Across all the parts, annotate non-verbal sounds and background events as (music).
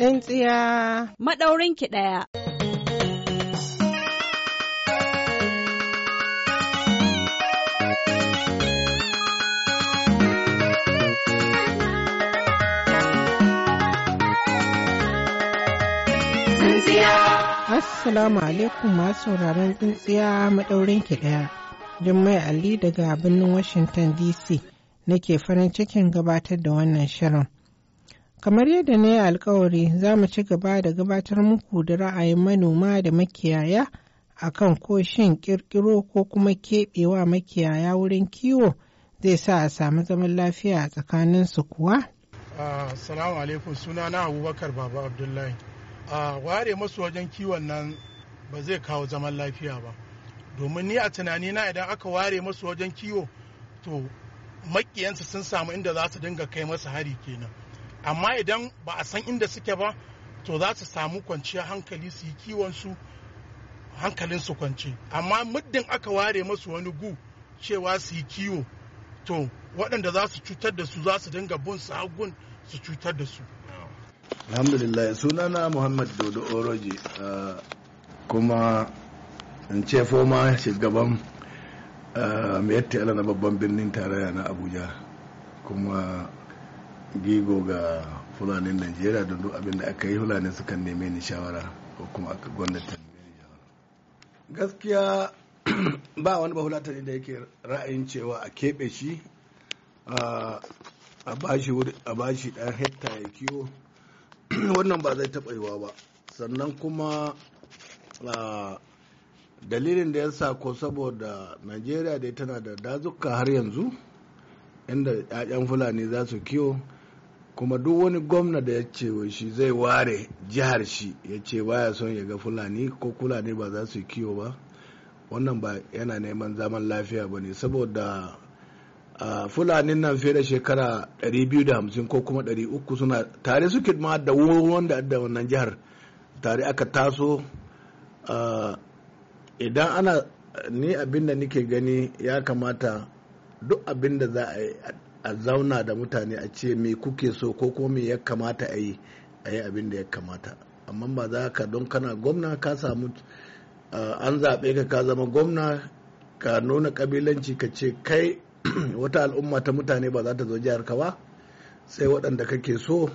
Ɗan tsiya. Maɗaurin ki ɗaya. Assalamu alaikum masu sauraron tsintsiya maɗaurin ki ɗaya. Jummai Ali daga birnin Washington DC nake farin cikin gabatar da wannan shirin. Kamar yadda na yi alkawari za mu ci gaba da gabatar muku da ra'ayin manoma da makiyaya a kan ko shin kirkiro ko kuma keɓewa makiyaya wurin kiwo zai sa a samu zaman lafiya a tsakaninsu kuwa? Ah, salamu alaikum suna na Abubakar Baba Abdullahi. A ah, ware masu wajen kiwon nan ba zai kawo zaman lafiya ba. Domin ni a tunani na idan aka ware masu wajen kiwo to makiyansa sun samu inda za su dinga kai masa hari kenan. amma idan ba a san inda suke ba to za su samu kwanciyar hankali su yi kiwon su hankalin su kwance amma muddin aka ware masu wani gu cewa su yi kiwo to waɗanda za su cutar da su za su dinga bin su hagun su cutar da su alhamdulillah sunana muhammad dodo oroji uh, kuma in ce foma shugaban uh, mai na babban birnin tarayya na abuja kuma gigo ga fulanin najeriya don duk abin da aka yi fulani suka neme ni shawara ko kuma aka gwamnati gaskiya (clears throat) ba wani bahulatani da yake ra'ayin cewa a keɓe shi a bashi shi hekta ya kiwo (clears throat) wannan ba zai taɓa yiwa ba sannan kuma dalilin da ya sa ko saboda najeriya dai tana da dazuka har yanzu inda 'ya'yan fulani za su kiwo kuma duk wani gwamna da ya ce wa shi zai ware jihar shi ya ce baya son ya ga fulani ko fulani ba za su yi kiwo ba wannan ba yana neman zaman lafiya ba ne saboda fulanin nan fiye da shekara 250 ko kuma 300 suna tare suke ma da wanda da wannan jihar tare aka taso idan ana ni abinda nike gani ya kamata duk abinda za a yi a zauna da mutane a ce me kuke so ko kuma me ya kamata a yi a yi abin da ya kamata amma ba za ka don kana gwamna ka samu an zaɓe ka ka zama gwamna ka nuna ƙabilanci ka ce kai (clears throat) wata al'umma ta mutane ba za ta zo jihar ka ba sai waɗanda kake so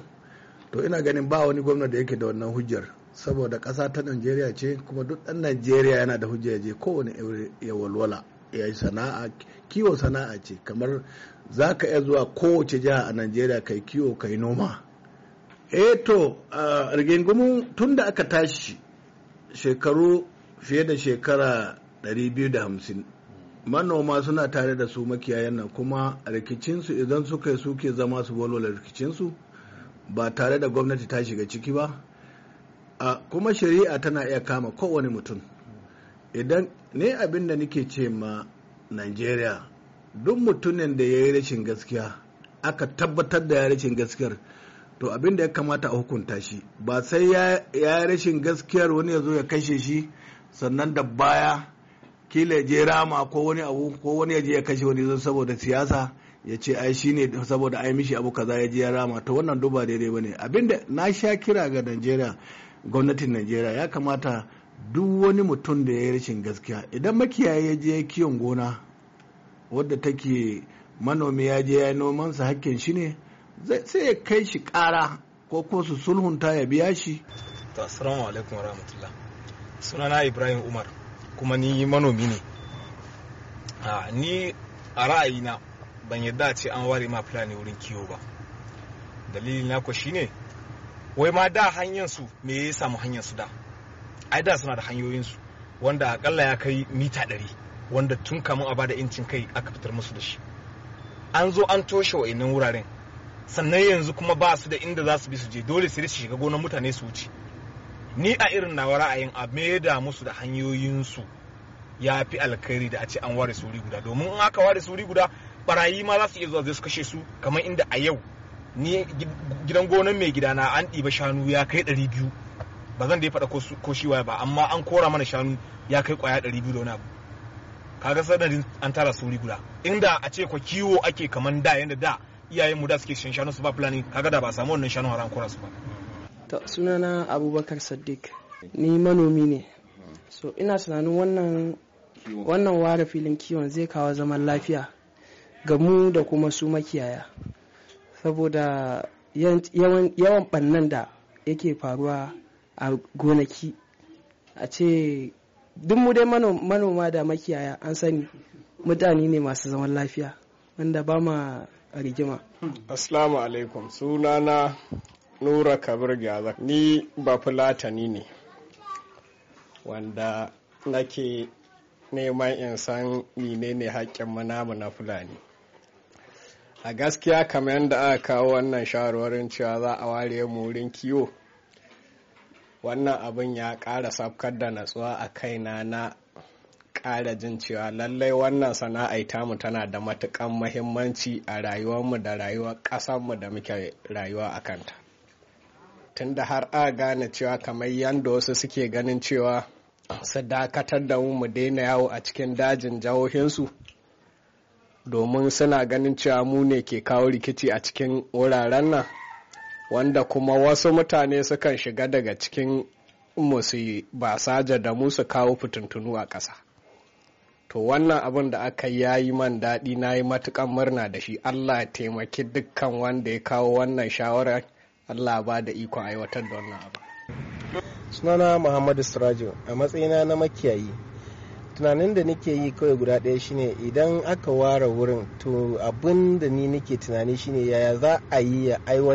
to ina ganin ba wani gwamna da yake da wannan hujjar saboda ƙasa ta najeriya ce kuma duk ɗan najeriya yana da hujjar ya je kowane ya walwala ya sana'a kiwo sana'a ce kamar za ka iya zuwa kowace jiha a najeriya kai kiwo kai noma eh to rigingumin tun da aka tashi shekaru fiye da shekara 250 manoma suna tare da su makiyayen nan kuma rikicinsu idan suka yi suke zama su walwala rikicinsu ba tare da gwamnati ta shiga ciki ba kuma shari'a tana iya kama kowane mutum idan ne abin da nake ce ma Najeriya duk mutumin da ya yi rashin gaskiya aka tabbatar da ya rashin gaskiyar to abin da ya kamata a hukunta shi ba sai ya yi rashin gaskiyar wani ya zo ya kashe shi sannan da baya kila je rama ko wani abu ko wani ya je ya kashe wani zan saboda siyasa ya ce ai ne saboda ai mishi abu kaza ya je ya rama to wannan duba daidai ba ne abinda na sha kira ga Najeriya gwamnatin Najeriya ya kamata duk wani mutum da ya yi rashin gaskiya idan makiyaye ya je kiyon gona wadda take manomi ya je ya nomansa hakkin shi ne sai ya kai shi kara ko ko su sulhunta ya biya shi to assalamu alaikum warahmatullah sunana ibrahim umar kuma ni manomi ne ni a ra'ayina ban yadda ce an ware ma fulani wurin kiwo ba dalili na ko shine wai ma da hanyar su me ya samu hanyar su da ai da suna da hanyoyinsu wanda akalla ya kai mita ɗari wanda tun kamun a bada incin kai aka fitar musu da shi an zo an toshe wa'innan wuraren sannan yanzu kuma ba su da inda za su bi su je dole sai su shiga gonar mutane su wuce ni a irin nawa ra'ayin a da musu da hanyoyinsu ya fi alkhairi da a ce an ware suri guda domin in aka ware suri guda barayi ma za su iya zuwa zai su kashe su kamar inda a yau ni gidan gonar mai gidana an ɗiba shanu ya kai ɗari biyu ba zan da ya faɗa ko shi waya ba amma an kora mana shanu ya kai kwaya ɗari biyu da wani abu kaga sanadin an tara sauri guda inda a ce kwa kiwo ake kaman da yadda da iyayen mu da suke shan shanu su ba fulani kaga da ba samu wannan shanu har an kora su ba to sunana abubakar sadiq ni manomi ne so ina tunanin wannan ware filin kiwon zai kawo zaman lafiya ga mu da kuma su makiyaya saboda yawan bannan da yake faruwa a gonaki a ce duk mu dai manoma da makiyaya an sani mutane ne masu zaman lafiya wanda ba ma rigima. Assalamu alaikum sunana Nura Kabir Gaza ni ba fulatani ne wanda nake neman in san menene haƙƙin manamu na fulani. A gaskiya kamar yadda aka kawo wannan shawarwarin cewa za a ware mu wurin kiwo wannan abin ya ƙara safkar da natsuwa a kaina na ƙara jin cewa lallai wannan sana'ai tamu tana da matukan mahimmanci a rayuwarmu da rayuwar ƙasarmu da muke rayuwa a kanta tunda har a gane cewa kamar yadda wasu suke ganin cewa su dakatar da mu mu daina yawo a cikin dajin jahohinsu domin suna ganin cewa mu ne ke kawo rikici a cikin wuraren nan wanda kuma wasu mutane sukan shiga daga cikin musu ba saja da su kawo fitintunu a ƙasa to wannan abin da aka yayi yi man daɗi na yi matuƙan murna da shi allah ya taimaki dukkan wanda ya kawo wannan shawarar allah ba da ikon aiwatar da wannan abu sunana muhammadu sirajo a matsayina na makiyayi tunanin da nake yi kawai guda ɗaya shine idan aka ware wurin to abin da ni nake tunani shine yaya za a yi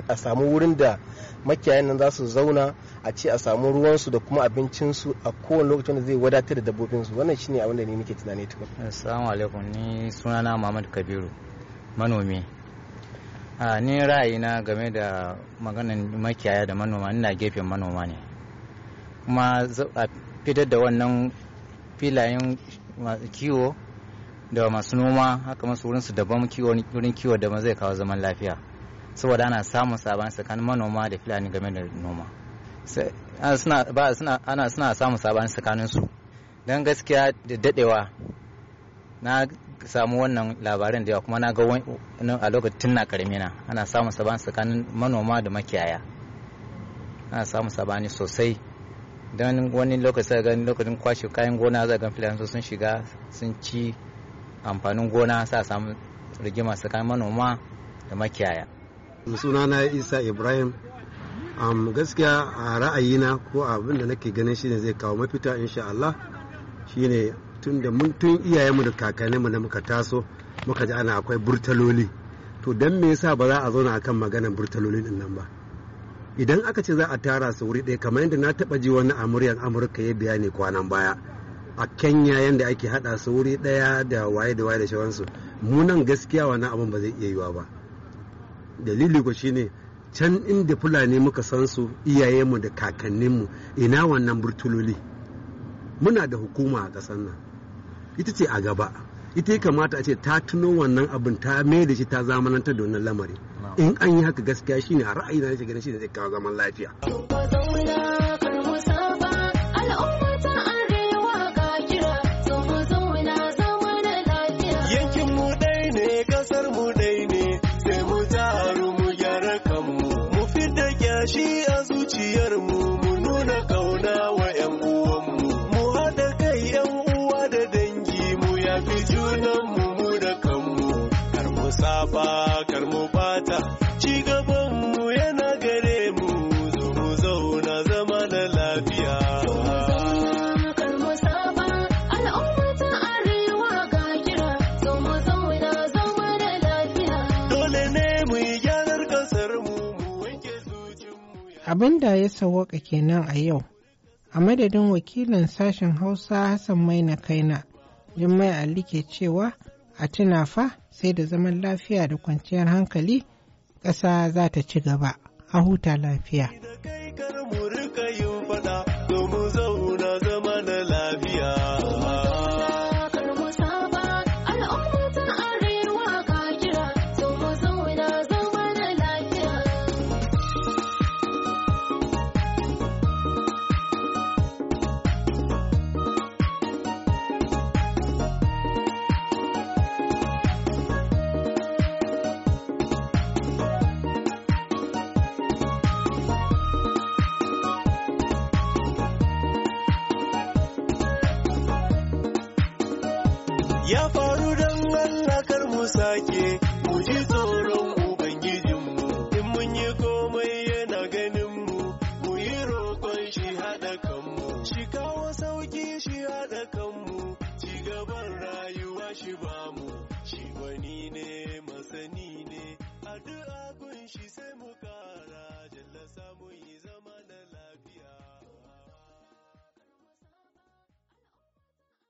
a samu wurin da makiyayan nan za su zauna a ce a samu ruwansu da kuma abincinsu a kowane lokacin da zai wadatar da dabbobinsu wannan shine abin da ni nake tunani tukun assalamu alaikum ni sunana Muhammad Kabiru manomi a ni ra'ayina game da maganan makiyaya da manoma ina gefen manoma ne kuma a fitar da wannan filayen kiwo da masu noma haka masu wurin su daban wurin kiwo da zai kawo zaman lafiya saboda ana samun sabani tsakanin manoma da filani game da noma ana suna samun sabani tsakanin su don gaskiya da dadewa na samu wannan labarin da yawa kuma na ga wani a lokacin na karmina ana samun sabani tsakanin manoma da makiyaya ana samun sabani sosai don wani lokaci ga lokacin kwashe kayan gona za ga filayen sun shiga sun ci amfanin gona sa samu rigima su kai manoma da makiyaya suna na isa ibrahim um, gaskiya a ra'ayina ko abin da nake ganin shine zai kawo mafita insha Allah shine tun da mun tun iyayenmu da kakanninmu da muka taso muka ji ana akwai burtaloli to dan me yasa ba za a zauna kan maganar burtalolin din nan ba idan aka ce za a tara su wuri ɗaya kamar yadda na taɓa ji wani a muryar amurka ya biya ne kwanan baya a kenya yadda ake haɗa su wuri ɗaya da waye da waye da shawansu mu nan gaskiya wani abin ba zai iya yiwa ba dalili ko shine can inda fulani muka san su iyayenmu da kakanninmu ina wannan burtuloli muna da hukuma a ƙasar nan ita ce a gaba ita ya kamata a ce ta tuno wannan abin ta mai da shi ta zamanantar da wannan lamari in an yi haka gaskiya shine a ra'ayi na shi gani shi ne zai kawo zaman lafiya mu bata ci mu yana gare mu zo mu zauna zama na lafiya Abin da ya sawaka kenan a yau, a madadin wakilin sashen Hausa Hassan Maina Kaina, Jummai Ali ke cewa a tuna fa sai da zaman lafiya da kwanciyar hankali ƙasa za ta ci gaba a huta lafiya. Da kai rika yin faɗa domin zau Yeah,